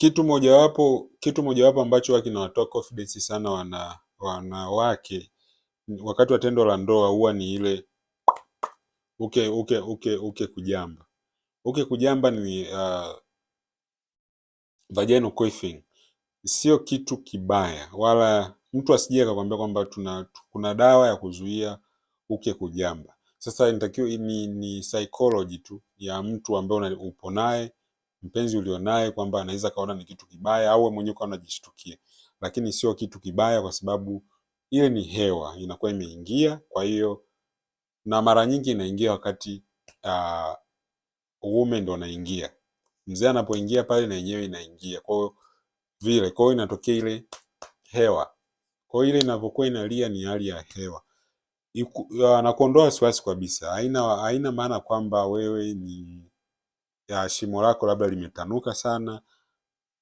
Kitu mojawapo kitu mojawapo ambacho huwa kinawatoa confidence sana wana wanawake wakati wa tendo la ndoa huwa ni ile uke uke uke uke kujamba. Uke kujamba ni uh, vaginal coughing sio kitu kibaya, wala mtu asije akakwambia kwamba tuna kuna dawa ya kuzuia uke kujamba. Sasa inatakiwa ni, ni psychology tu ya mtu ambaye upo naye mpenzi ulionaye kwamba anaweza kaona ni kitu kibaya au wewe mwenyewe kaona unajishtukia, lakini sio kitu kibaya, kwa sababu ile ni hewa inakuwa imeingia. Kwa hiyo na mara nyingi inaingia wakati uh, uume ndo anaingia mzee anapoingia pale, na yenyewe inaingia kwa hiyo vile, kwa hiyo inatokea ile hewa. Kwa hiyo ile inavyokuwa inalia ni hali ya hewa na kuondoa wasiwasi kabisa. Haina haina maana kwamba wewe ni ya shimo lako labda limetanuka sana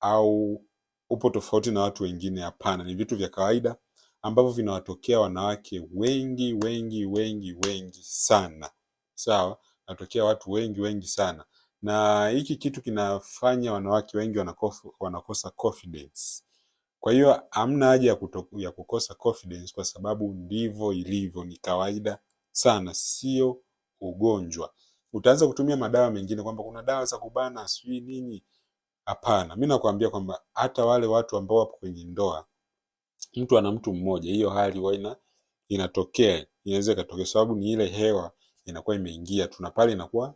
au upo tofauti na watu wengine. Hapana, ni vitu vya kawaida ambavyo vinawatokea wanawake wengi wengi wengi wengi sana, sawa? Natokea watu wengi wengi sana, na hiki kitu kinafanya wanawake wengi wanakofu, wanakosa confidence. Kwa hiyo hamna haja ya, ya kukosa confidence kwa sababu ndivyo ilivyo, ni kawaida sana, sio ugonjwa utaanza kutumia madawa mengine kwamba kuna dawa za kubana sijui nini. Hapana, mi nakwambia kwamba hata wale watu ambao wapo kwenye ndoa, mtu ana mtu mmoja, hiyo hali waina inatokea, inaweza ikatokea, sababu ni ile hewa inakuwa imeingia, tuna pale inakuwa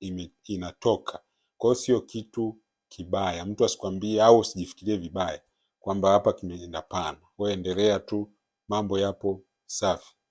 ime, inatoka. Kwa hiyo sio kitu kibaya, mtu asikwambie au usijifikirie vibaya kwamba hapa kimeenda pana. Wewe endelea tu, mambo yapo safi.